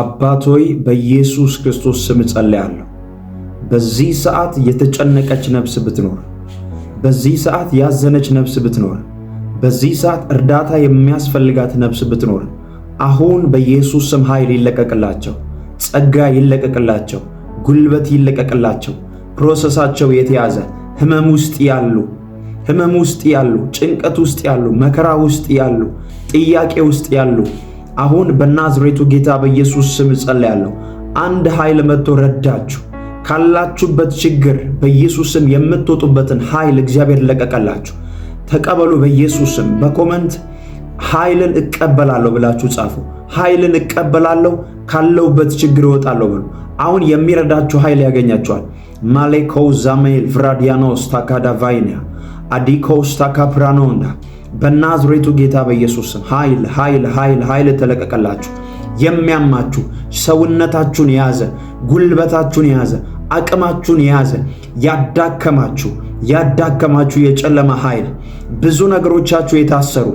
አባት ሆይ በኢየሱስ ክርስቶስ ስም ጸልያለሁ። በዚህ ሰዓት የተጨነቀች ነፍስ ብትኖር፣ በዚህ ሰዓት ያዘነች ነፍስ ብትኖር፣ በዚህ ሰዓት እርዳታ የሚያስፈልጋት ነፍስ ብትኖር፣ አሁን በኢየሱስ ስም ኃይል ይለቀቅላቸው፣ ጸጋ ይለቀቅላቸው፣ ጉልበት ይለቀቅላቸው። ፕሮሰሳቸው የተያዘ ህመም ውስጥ ያሉ ህመም ውስጥ ያሉ ጭንቀት ውስጥ ያሉ መከራ ውስጥ ያሉ ጥያቄ ውስጥ ያሉ አሁን በናዝሬቱ ጌታ በኢየሱስ ስም ጸልያለሁ። አንድ ኃይል መጥቶ ረዳችሁ። ካላችሁበት ችግር በኢየሱስ ስም የምትወጡበትን ኃይል እግዚአብሔር ለቀቀላችሁ። ተቀበሉ በኢየሱስ ስም። በኮመንት ኃይልን እቀበላለሁ ብላችሁ ጻፉ። ኃይልን እቀበላለሁ፣ ካለውበት ችግር እወጣለሁ ብሎ አሁን የሚረዳችሁ ኃይል ያገኛችኋል። ማሌኮ ዛሜል ፍራዲያኖስ ታካዳቫይኒያ አዲኮስ ታካፕራኖንዳ በናዝሬቱ ጌታ በኢየሱስ ስም ኃይል ኃይል ኃይል ኃይል ተለቀቀላችሁ። የሚያማችሁ ሰውነታችሁን የያዘ ጉልበታችሁን የያዘ አቅማችሁን የያዘ ያዳከማችሁ ያዳከማችሁ የጨለማ ኃይል ብዙ ነገሮቻችሁ የታሰሩ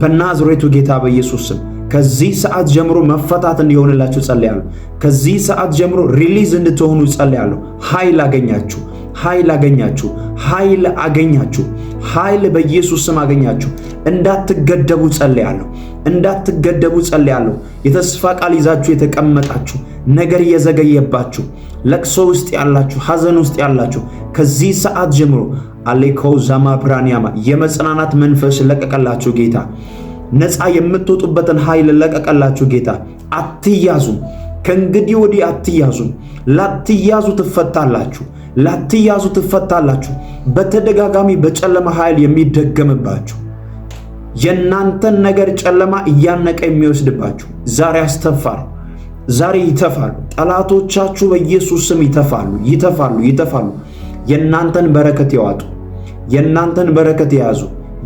በናዝሬቱ ጌታ በኢየሱስ ስም ከዚህ ሰዓት ጀምሮ መፈታት እንዲሆንላችሁ ጸልያለሁ። ከዚህ ሰዓት ጀምሮ ሪሊዝ እንድትሆኑ ጸልያለሁ። ኃይል አገኛችሁ። ኃይል አገኛችሁ፣ ኃይል አገኛችሁ፣ ኃይል በኢየሱስ ስም አገኛችሁ። እንዳትገደቡ ጸልያለሁ፣ እንዳትገደቡ ጸልያለሁ። የተስፋ ቃል ይዛችሁ የተቀመጣችሁ ነገር እየዘገየባችሁ ለቅሶ ውስጥ ያላችሁ፣ ሐዘን ውስጥ ያላችሁ ከዚህ ሰዓት ጀምሮ አሌኮው ዛማ ብራንያማ የመጽናናት መንፈስ ለቀቀላችሁ ጌታ። ነፃ የምትወጡበትን ኃይል ለቀቀላችሁ ጌታ። አትያዙም፣ ከእንግዲህ ወዲህ አትያዙም። ላትያዙ ትፈታላችሁ። ላትያዙ ትፈታላችሁ። በተደጋጋሚ በጨለማ ኃይል የሚደገምባችሁ የእናንተን ነገር ጨለማ እያነቀ የሚወስድባችሁ ዛሬ አስተፋር ዛሬ ይተፋሉ። ጠላቶቻችሁ በኢየሱስ ስም ይተፋሉ፣ ይተፋሉ፣ ይተፋሉ። የእናንተን በረከት የዋጡ የእናንተን በረከት የያዙ፣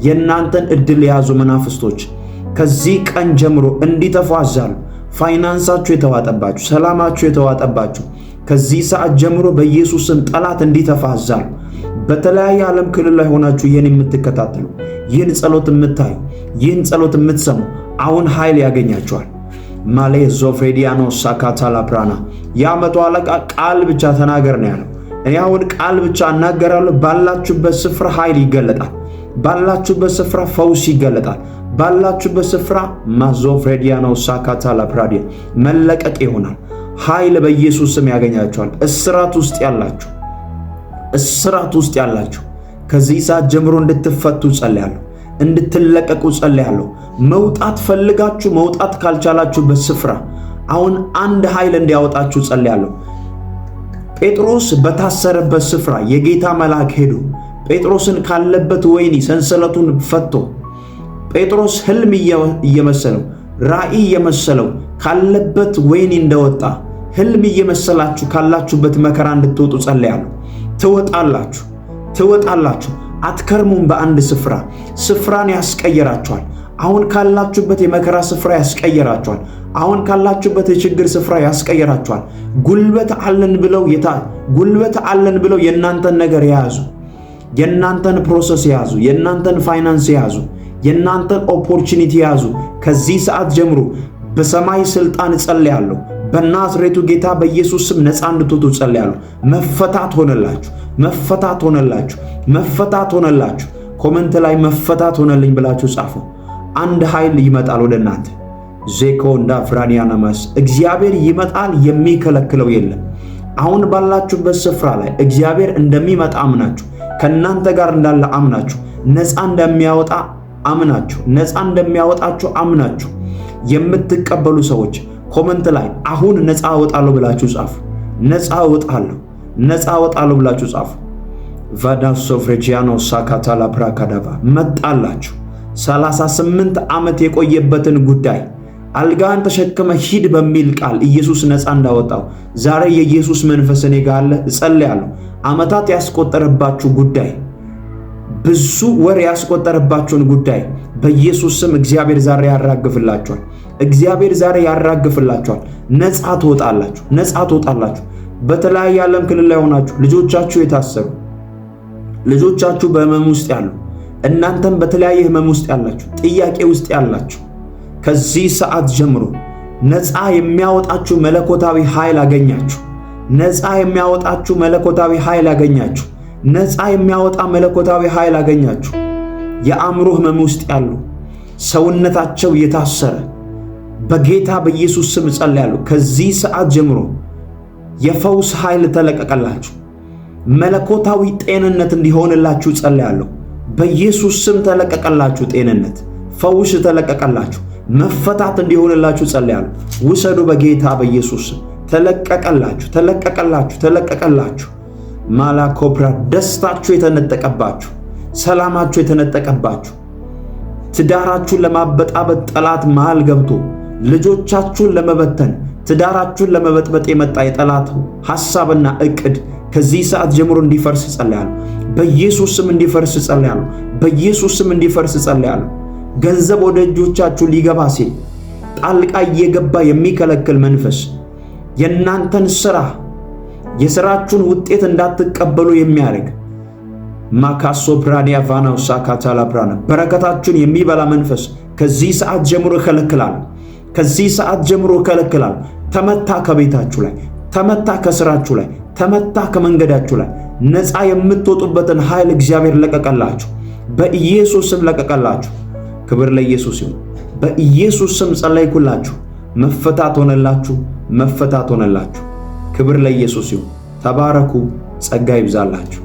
የእናንተን እድል የያዙ መናፍስቶች ከዚህ ቀን ጀምሮ እንዲተፉ አዛሉ። ፋይናንሳችሁ የተዋጠባችሁ፣ ሰላማችሁ የተዋጠባችሁ ከዚህ ሰዓት ጀምሮ በኢየሱስ ስም ጠላት እንዲተፋ በተለያየ ዓለም ክልል ላይ ሆናችሁ ይህን የምትከታተሉ፣ ይህን ጸሎት የምታዩ፣ ይህን ጸሎት የምትሰሙ አሁን ኃይል ያገኛችኋል። ማሌ ዞፌዲያኖ ሳካታላ ፕራና የአመቱ አለቃ ቃል ብቻ ተናገር ነው ያለው። እኔ አሁን ቃል ብቻ እናገራለሁ። ባላችሁበት ስፍራ ኃይል ይገለጣል። ባላችሁበት ስፍራ ፈውስ ይገለጣል። ባላችሁበት ስፍራ ማዞፍሬዲያኖ ሳካታላ ፕራዲያ መለቀቅ ይሆናል። ኃይል በኢየሱስ ስም ያገኛቸዋል። እስራት ውስጥ ያላችሁ እስራት ውስጥ ያላችሁ ከዚህ ሰዓት ጀምሮ እንድትፈቱ ጸልያለሁ፣ እንድትለቀቁ ጸልያለሁ። መውጣት ፈልጋችሁ መውጣት ካልቻላችሁበት ስፍራ አሁን አንድ ኃይል እንዲያወጣችሁ ጸልያለሁ። ጴጥሮስ በታሰረበት ስፍራ የጌታ መልአክ ሄዶ ጴጥሮስን ካለበት ወይኒ ሰንሰለቱን ፈቶ ጴጥሮስ ህልም እየመሰለው ራእይ እየመሰለው ካለበት ወይኒ እንደወጣ ህልም እየመሰላችሁ ካላችሁበት መከራ እንድትወጡ ጸልያለሁ። ትወጣላችሁ፣ ትወጣላችሁ። አትከርሙም በአንድ ስፍራ። ስፍራን ያስቀየራችኋል። አሁን ካላችሁበት የመከራ ስፍራ ያስቀየራችኋል። አሁን ካላችሁበት የችግር ስፍራ ያስቀየራችኋል። ጉልበት አለን ብለው የታ ጉልበት አለን ብለው የእናንተን ነገር የያዙ የእናንተን ፕሮሰስ የያዙ የእናንተን ፋይናንስ የያዙ የእናንተን ኦፖርቹኒቲ የያዙ ከዚህ ሰዓት ጀምሮ በሰማይ ስልጣን እጸልያለሁ በናዝሬቱ ጌታ በኢየሱስ ስም ነፃ እንድትወጡ ጸልያለሁ። መፈታት ሆነላችሁ፣ መፈታት ሆነላችሁ፣ መፈታት ሆነላችሁ። ኮመንት ላይ መፈታት ሆነልኝ ብላችሁ ጻፉ። አንድ ኃይል ይመጣል ወደ እናንተ ዜኮ እንዳ ፍራኒያናማስ እግዚአብሔር ይመጣል፣ የሚከለክለው የለም። አሁን ባላችሁበት ስፍራ ላይ እግዚአብሔር እንደሚመጣ አምናችሁ፣ ከእናንተ ጋር እንዳለ አምናችሁ፣ ነፃ እንደሚያወጣ አምናችሁ፣ ነፃ እንደሚያወጣችሁ አምናችሁ የምትቀበሉ ሰዎች ኮመንት ላይ አሁን ነፃ እወጣለሁ ብላችሁ ጻፉ። ነፃ እወጣለሁ፣ ነፃ እወጣለሁ ብላችሁ ጻፉ። ቫዳሶ ፍሬጂያኖ ሳካታላ ብራካዳባ መጣላችሁ። 38 ዓመት የቆየበትን ጉዳይ አልጋን ተሸክመ ሂድ በሚል ቃል ኢየሱስ ነፃ እንዳወጣው ዛሬ የኢየሱስ መንፈስ እኔ ጋር አለ። እጸልያለሁ። ዓመታት ያስቆጠረባችሁ ጉዳይ፣ ብዙ ወር ያስቆጠረባችሁን ጉዳይ በኢየሱስ ስም እግዚአብሔር ዛሬ ያራግፍላችኋል። እግዚአብሔር ዛሬ ያራግፍላችኋል። ነፃ ትወጣላችሁ። ነፃ ትወጣላችሁ። በተለያየ ዓለም ክልል ላይ ሆናችሁ ልጆቻችሁ የታሰሩ ልጆቻችሁ በህመም ውስጥ ያሉ እናንተም በተለያየ ህመም ውስጥ ያላችሁ ጥያቄ ውስጥ ያላችሁ ከዚህ ሰዓት ጀምሮ ነፃ የሚያወጣችሁ መለኮታዊ ኃይል አገኛችሁ። ነፃ የሚያወጣችሁ መለኮታዊ ኃይል አገኛችሁ። ነፃ የሚያወጣ መለኮታዊ ኃይል አገኛችሁ። የአእምሮ ህመም ውስጥ ያሉ ሰውነታቸው የታሰረ በጌታ በኢየሱስ ስም ጸልያለሁ። ከዚህ ሰዓት ጀምሮ የፈውስ ኃይል ተለቀቀላችሁ። መለኮታዊ ጤንነት እንዲሆንላችሁ ጸልያለሁ። በኢየሱስ ስም ተለቀቀላችሁ። ጤንነት፣ ፈውስ ተለቀቀላችሁ። መፈታት እንዲሆንላችሁ ጸልያለሁ። ውሰዱ። በጌታ በኢየሱስ ስም ተለቀቀላችሁ፣ ተለቀቀላችሁ፣ ተለቀቀላችሁ። ማላኮፕራ ደስታችሁ የተነጠቀባችሁ ሰላማችሁ የተነጠቀባችሁ፣ ትዳራችሁን ለማበጣበጥ ጠላት መሃል ገብቶ ልጆቻችሁን ለመበተን ትዳራችሁን ለመበጥበጥ የመጣ የጠላት ሐሳብና እቅድ ከዚህ ሰዓት ጀምሮ እንዲፈርስ ጸልያለሁ። በኢየሱስ ስም እንዲፈርስ ጸልያለሁ። በኢየሱስ ስም እንዲፈርስ ጸልያለሁ። ገንዘብ ወደ እጆቻችሁ ሊገባ ሲል ጣልቃ እየገባ የሚከለክል መንፈስ የእናንተን ስራ የሥራችሁን ውጤት እንዳትቀበሉ የሚያደርግ ማካሶ ብራኒያ ቫናው ሳካታላ ብራና በረከታችሁን የሚበላ መንፈስ ከዚህ ሰዓት ጀምሮ ይከለክላል። ከዚህ ሰዓት ጀምሮ ይከለክላል። ተመታ ከቤታችሁ ላይ ተመታ፣ ከስራችሁ ላይ ተመታ፣ ከመንገዳችሁ ላይ ነፃ የምትወጡበትን ኃይል እግዚአብሔር ለቀቀላችሁ። በኢየሱስ ስም ለቀቀላችሁ። ክብር ለኢየሱስ ይሁን። በኢየሱስ ስም ጸለይኩላችሁ። መፈታት ሆነላችሁ። መፈታት ሆነላችሁ። ክብር ለኢየሱስ ይሁን። ተባረኩ። ጸጋ ይብዛላችሁ።